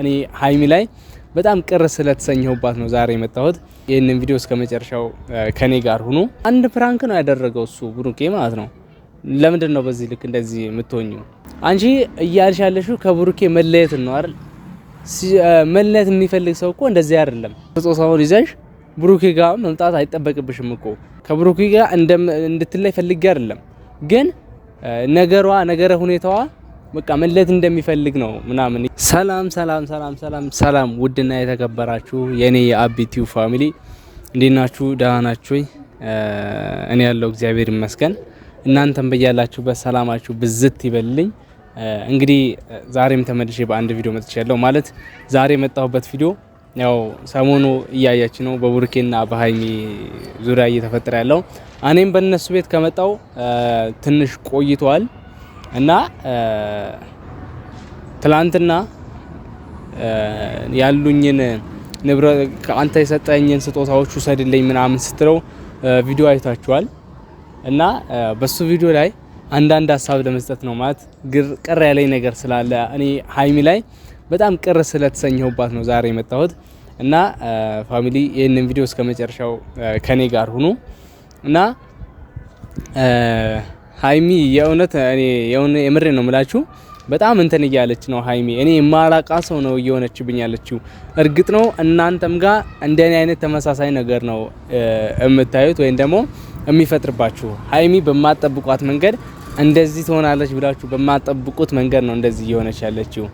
እኔ ሀይሚ ላይ በጣም ቅር ስለተሰኘሁባት ነው ዛሬ የመጣሁት። ይህንን ቪዲዮ እስከ መጨረሻው ከኔ ጋር ሁኑ። አንድ ፕራንክ ነው ያደረገው እሱ ብሩኬ ማለት ነው። ለምንድን ነው በዚህ ልክ እንደዚህ የምትሆኙ? አንቺ እያልሽ ያለሽው ከብሩኬ መለየት ነው አይደል? መለየት የሚፈልግ ሰው እኮ እንደዚህ አይደለም። ስጦታውን ይዘሽ ብሩኬ ጋር መምጣት አይጠበቅብሽም እኮ። ከብሩኬ ጋር እንድትለይ ፈልጌ አይደለም፣ ግን ነገሯ ነገረ ሁኔታዋ በቃ መለት እንደሚፈልግ ነው ምናምን። ሰላም ሰላም ሰላም ሰላም ሰላም! ውድና የተከበራችሁ የእኔ የአቢቲው ፋሚሊ እንዴት ናችሁ? ደህና ናችሁ? እኔ ያለው እግዚአብሔር ይመስገን፣ እናንተም በያላችሁበት ሰላማችሁ ብዝት ይበልልኝ። እንግዲህ ዛሬም ተመልሼ በአንድ ቪዲዮ መጥቻለሁ። ማለት ዛሬ የመጣሁበት ቪዲዮ ያው ሰሞኑ እያያች ነው በቡርኬና በሀይሚ ዙሪያ እየተፈጠረ ያለው። እኔም በእነሱ ቤት ከመጣው ትንሽ ቆይተዋል። እና ትላንትና ያሉኝን ንብረት ከአንተ የሰጠኝን ስጦታዎች ውሰድልኝ ምናምን ስትለው ቪዲዮ አይታችኋል። እና በሱ ቪዲዮ ላይ አንዳንድ ሀሳብ ለመስጠት ነው ማለት ቅር ያለኝ ነገር ስላለ እኔ ሀይሚ ላይ በጣም ቅር ስለተሰኘሁባት ነው ዛሬ የመጣሁት። እና ፋሚሊ ይህንን ቪዲዮ እስከ መጨረሻው ከኔ ጋር ሁኑ እና ሀይሚ የእውነት እኔ የምሬ ነው የምላችሁ በጣም እንትን እያለች ነው ሀይሚ። እኔ የማላቃ ሰው ነው እየሆነችብኝ ያለችው። እርግጥ ነው እናንተም ጋር እንደኔ አይነት ተመሳሳይ ነገር ነው የምታዩት ወይም ደግሞ የሚፈጥርባችሁ። ሀይሚ በማጠብቋት መንገድ እንደዚህ ትሆናለች ብላችሁ በማጠብቁት መንገድ ነው እንደዚህ እየሆነች ያለችው።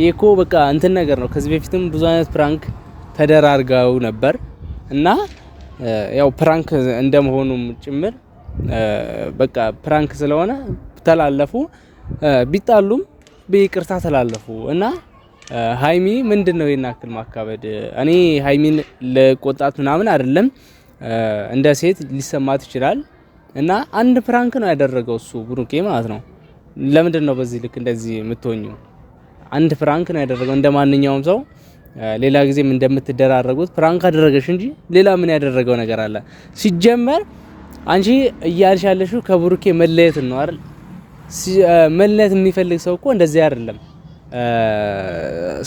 ይህ እኮ በቃ እንትን ነገር ነው። ከዚህ በፊትም ብዙ አይነት ፕራንክ ተደራርገው ነበር እና ያው ፕራንክ እንደመሆኑም ጭምር በቃ ፕራንክ ስለሆነ ተላለፉ፣ ቢጣሉም በይቅርታ ተላለፉ እና ሀይሚ ምንድን ነው የናክል ማካበድ? እኔ ሀይሚን ለቆጣት ምናምን አይደለም፣ እንደ ሴት ሊሰማት ይችላል። እና አንድ ፕራንክ ነው ያደረገው እሱ ብሩኬ ማለት ነው። ለምንድን ነው በዚህ ልክ እንደዚህ የምትሆኙ? አንድ ፕራንክ ነው ያደረገው እንደ ማንኛውም ሰው ሌላ ጊዜም እንደምትደራረጉት ፕራንክ አደረገሽ እንጂ ሌላ ምን ያደረገው ነገር አለ ሲጀመር አንቺ እያልሽ ያለሽው ከብሩኬ መለየት ነው አይደል? መለየት የሚፈልግ ሰው እኮ እንደዚህ አይደለም።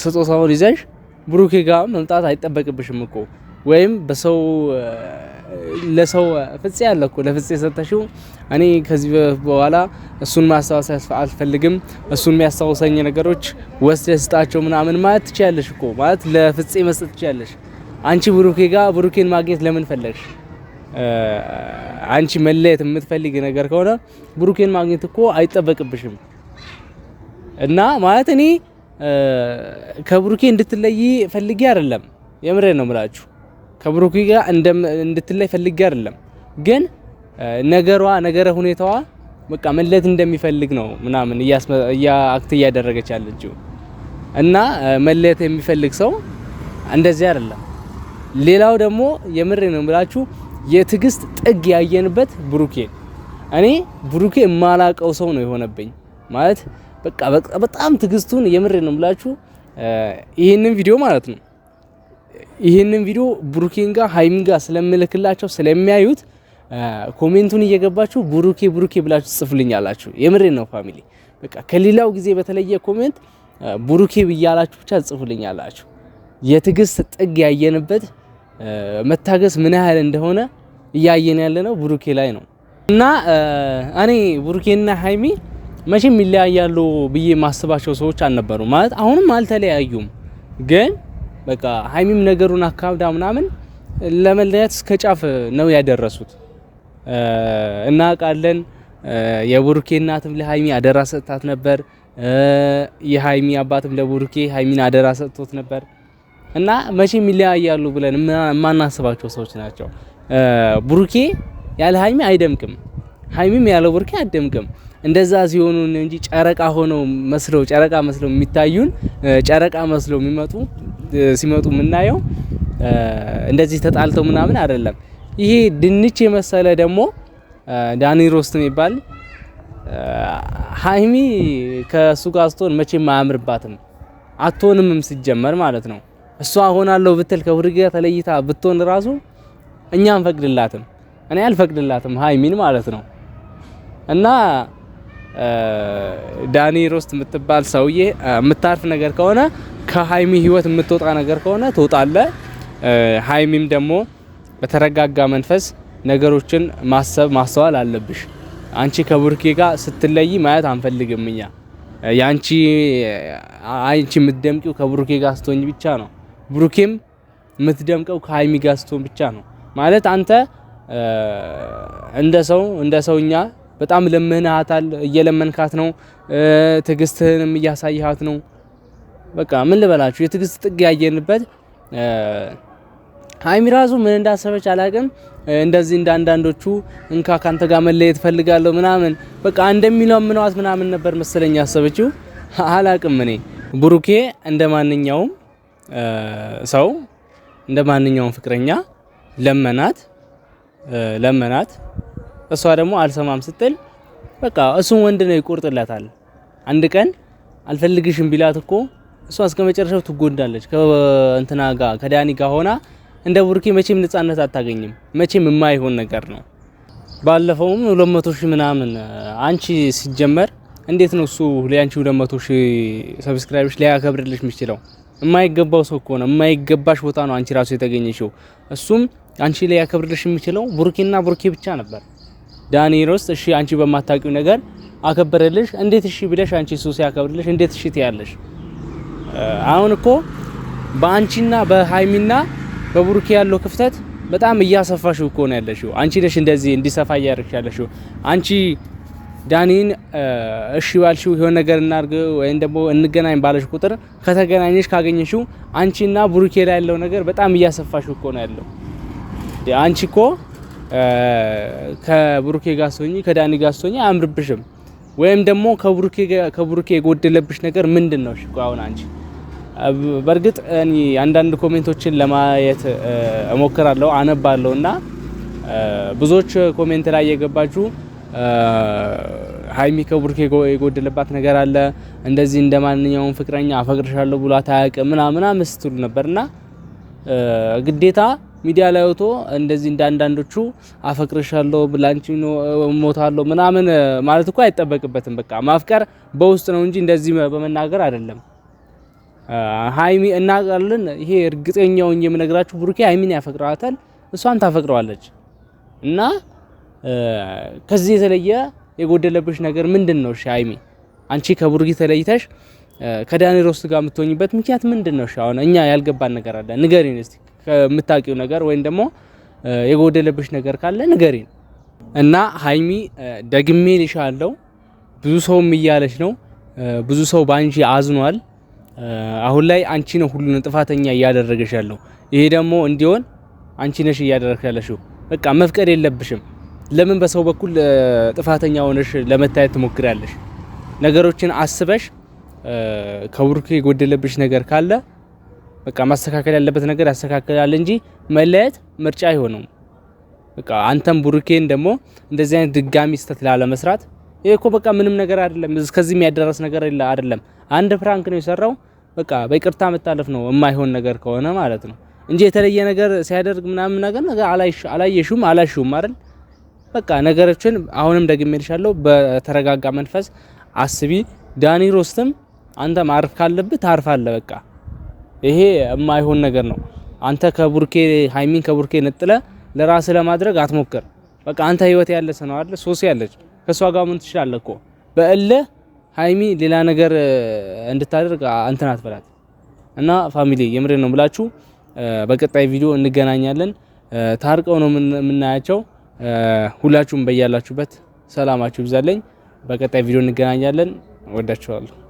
ስጦታውን ይዘሽ ብሩኬ ጋር መምጣት አይጠበቅብሽም እኮ ወይም በሰው ለሰው ፍፄ አለ እኮ ለፍፄ ሰተሽው እኔ ከዚህ በኋላ እሱን ማስታወስ አልፈልግም፣ እሱን የሚያስታውሰኝ ነገሮች ወስደሽ ስጣቸው ምናምን ማለት ትችያለሽ እኮ ማለት ለፍፄ መስጠት ትችያለሽ። አንቺ ብሩኬ ጋር ብሩኬን ማግኘት ለምን ፈለግሽ? አንቺ መለየት የምትፈልግ ነገር ከሆነ ብሩኬን ማግኘት እኮ አይጠበቅብሽም። እና ማለት እኔ ከብሩኬ እንድትለይ ፈልጌ አይደለም፣ የምሬ ነው ምላችሁ። ከብሩኬ ጋር እንድትለይ ፈልጌ አይደለም፣ ግን ነገሯ ነገረ ሁኔታዋ በቃ መለየት እንደሚፈልግ ነው ምናምን አክት እያደረገች ያለችው እና መለየት የሚፈልግ ሰው እንደዚህ አይደለም። ሌላው ደግሞ የምሬ ነው ምላችሁ የትዕግስት ጥግ ያየንበት ብሩኬ። እኔ ብሩኬ የማላቀው ሰው ነው የሆነብኝ ማለት በቃ በጣም ትዕግስቱን የምሬ ነው ብላችሁ ይህንን ቪዲዮ ማለት ነው ይህንን ቪዲዮ ብሩኬን ጋር ሀይሚን ጋር ስለምልክላቸው ስለሚያዩት ኮሜንቱን እየገባችሁ ብሩኬ ብሩኬ ብላችሁ ጽፉልኛላችሁ። የምሬ ነው ፋሚሊ። በቃ ከሌላው ጊዜ በተለየ ኮሜንት ብሩኬ ብያላችሁ ብቻ ጽፉልኛላችሁ። የትዕግስት ጥግ ያየንበት መታገስ ምን ያህል እንደሆነ እያየን ያለነው ቡሩኬ ላይ ነው እና እኔ ቡሩኬና ሀይሚ መቼም ይለያያሉ ብዬ ማስባቸው ሰዎች አልነበሩ። ማለት አሁንም አልተለያዩም፣ ግን በቃ ሀይሚም ነገሩን አካብዳ ምናምን ለመለያት እስከ ጫፍ ነው ያደረሱት። እናውቃለን። የቡሩኬ እናትም ለሀይሚ አደራ ሰጥታት ነበር። የሀይሚ አባትም ለቡሩኬ ሀይሚን አደራ ሰጥቶት ነበር። እና መቼም ይለያያሉ ብለን የማናስባቸው ሰዎች ናቸው። ብሩኬ ያለ ሀይሚ አይደምቅም፣ ሀይሚም ያለ ብሩኬ አይደምቅም። እንደዛ ሲሆኑ እንጂ ጨረቃ ሆነው መስለው ጨረቃ መስለው የሚታዩን ጨረቃ መስለው የሚመጡ ሲመጡ የምናየው እንደዚህ ተጣልተው ምናምን አይደለም። ይሄ ድንች የመሰለ ደግሞ ዳኒ ሮስት የሚባል ሀይሚ ከሱ ጋር ስትሆን መቼም አያምርባትም አትሆንምም ሲጀመር ማለት ነው። እሷ ሆናለሁ ብትል ከቡድን ጋር ተለይታ ብትሆን ራሱ እኛ አንፈቅድላትም። እኔ አልፈቅድላትም ሀይሚን ማለት ነው። እና ዳኒ ሮስት የምትባል ሰውዬ የምታርፍ ነገር ከሆነ ከሀይሚ ህይወት የምትወጣ ነገር ከሆነ ትወጣለ። ሀይሚም ደግሞ በተረጋጋ መንፈስ ነገሮችን ማሰብ ማስተዋል አለብሽ። አንቺ ከቡርኬ ጋር ስትለይ ማየት አንፈልግም እኛ። ያንቺ አንቺ የምትደምቂው ከቡርኬ ጋር ስትሆኝ ብቻ ነው። ብሩኬም የምትደምቀው ከሀይሚ ጋር ስትሆን ብቻ ነው ማለት አንተ እንደ ሰው እንደ ሰውኛ በጣም ለምንሃታል፣ እየለመንካት ነው፣ ትዕግስትህንም እያሳይሃት ነው። በቃ ምን ልበላችሁ የትዕግስት ጥግ ያየንበት ሀይሚ ራሱ ምን እንዳሰበች አላቅም። እንደዚህ እንደ አንዳንዶቹ እንካ ካንተ ጋር መለየት ፈልጋለሁ ምናምን በቃ እንደሚለምኗት ምናምን ነበር መሰለኝ ያሰበችው። አላቅም እኔ ብሩኬ እንደ ማንኛውም ሰው እንደ ማንኛውም ፍቅረኛ ለመናት ለመናት። እሷ ደግሞ አልሰማም ስትል በቃ እሱም ወንድ ነው ይቆርጥላታል። አንድ ቀን አልፈልግሽም ቢላት እኮ እሷ እስከ መጨረሻው ትጎዳለች። ከእንትና ጋር ከዳኒ ጋር ሆና እንደ ቡርኪ መቼም ነጻነት አታገኝም። መቼም የማይሆን ነገር ነው። ባለፈውም 200 ሺህ ምናምን አንቺ ሲጀመር እንዴት ነው እሱ ለ 200 ሺህ ሰብስክራይበሮች ሊያከብርልሽ የሚችለው? የማይገባው ሰው ከሆነ የማይገባሽ ቦታ ነው አንቺ ራሱ የተገኘሽው። እሱም አንቺ ላይ ያከብርልሽ የሚችለው ቡርኬና ቡርኬ ብቻ ነበር። ውስጥ እሺ፣ አንቺ በማታውቂው ነገር አከበረልሽ። እንዴት እሺ ብለሽ አንቺ እሱ ሲያከብርልሽ እንዴት እሺ ትያለሽ? አሁን እኮ በአንቺና በሃይሚና በቡርኬ ያለው ክፍተት በጣም እያሰፋሽው እኮ ነው ያለሽው። አንቺ ነሽ እንደዚህ እንዲሰፋ እያደረግሽ ያለሽው አንቺ ዳኒን እሺ ባልሽው የሆነ ነገር እናርግ ወይም ደግሞ እንገናኝ ባለሽ ቁጥር ከተገናኘሽ ካገኘሽው አንቺና ብሩኬ ላይ ያለው ነገር በጣም እያሰፋሽ እኮ ነው ያለው። አንቺ እኮ ከብሩኬ ጋር ስትሆኚ ከዳኒ ጋር ስትሆኚ አያምርብሽም። ወይም ደግሞ ከብሩኬ የጎደለብሽ ነገር ምንድን ነው? አሁን አንቺ በእርግጥ እኔ አንዳንድ ኮሜንቶችን ለማየት እሞክራለሁ አነባለሁ እና ብዙዎች ኮሜንት ላይ እየገባችሁ ሀይሚ ከብሩኬ የጎደለባት ነገር አለ። እንደዚህ እንደ ማንኛውም ፍቅረኛ አፈቅርሻለሁ ብሏት አያውቅም ምናምን ስትሉ ነበርና ግዴታ ሚዲያ ላይ ወጥቶ እንደዚህ እንደ አንዳንዶቹ አፈቅርሻለሁ ብላንቺ ሞታለሁ ምናምን ማለት እኮ አይጠበቅበትም። በቃ ማፍቀር በውስጥ ነው እንጂ እንደዚህ በመናገር አይደለም። ሀይሚ እናቃለን። ይሄ እርግጠኛውን የምነግራችሁ ብሩኬ ሀይሚን ያፈቅረዋታል፣ እሷን ታፈቅረዋለች እና ከዚህ የተለየ የጎደለብሽ ነገር ምንድን ነው? ሻይሚ አንቺ ከቡርጊ ተለይተሽ ከዳኒሮስ ጋር የምትሆኝበት ምክንያት ምንድን ነው? እሺ አሁን እኛ ያልገባን ነገር አለ፣ ንገሪን እስቲ ከምታውቂው ነገር ወይም ደግሞ የጎደለብሽ ነገር ካለ ንገሪን። እና ሀይሚ ደግሜ ልሻለሁ፣ ብዙ ሰውም እያለች ነው፣ ብዙ ሰው በአንቺ አዝኗል። አሁን ላይ አንቺ ነው ሁሉን ጥፋተኛ እያደረገሽ ያለው። ይሄ ደግሞ እንዲሆን አንቺ ነሽ እያደረግሽ ያለሽው። በቃ መፍቀድ የለብሽም። ለምን በሰው በኩል ጥፋተኛ ሆነሽ ለመታየት ትሞክሪያለሽ? ነገሮችን አስበሽ ከብሩክ የጎደለብሽ ነገር ካለ በቃ ማስተካከል ያለበት ነገር ያስተካክላል እንጂ መለየት ምርጫ አይሆነውም። በቃ አንተም ብሩኬን ደግሞ እንደዚህ አይነት ድጋሚ ስህተት ላለመስራት ይሄ እኮ በቃ ምንም ነገር አይደለም፣ እስከዚህ የሚያደረስ ነገር አይደለም። አንድ ፍራንክ ነው የሰራው። በቃ በይቅርታ መታለፍ ነው የማይሆን ነገር ከሆነ ማለት ነው እንጂ የተለየ ነገር ሲያደርግ ምናምን ነገር አላየሽም አላየሽም አይደል በቃ ነገሮችን አሁንም ደግሜ ደግሜልሻለሁ፣ በተረጋጋ መንፈስ አስቢ። ዳኒ ሮስትም አንተ ማርፍ ካለብህ ታርፋለህ። በቃ ይሄ የማይሆን ነገር ነው። አንተ ከቡርኬ ሃይሚን ከቡርኬ ነጥለ ለራስህ ለማድረግ አትሞክር። በቃ አንተ ህይወት ያለ ሰው አይደል? ሶሲ ያለች ከሷ ጋር ምን ትችላለህ እኮ ሃይሚ ሌላ ነገር እንድታደርግ እንትን አትበላት እና ፋሚሊ የምሬ ነው ብላችሁ በቀጣይ ቪዲዮ እንገናኛለን። ታርቀው ነው የምናያቸው። ሁላችሁም በያላችሁበት ሰላማችሁ ይብዛለኝ። በቀጣይ ቪዲዮ እንገናኛለን። ወዳችኋለሁ።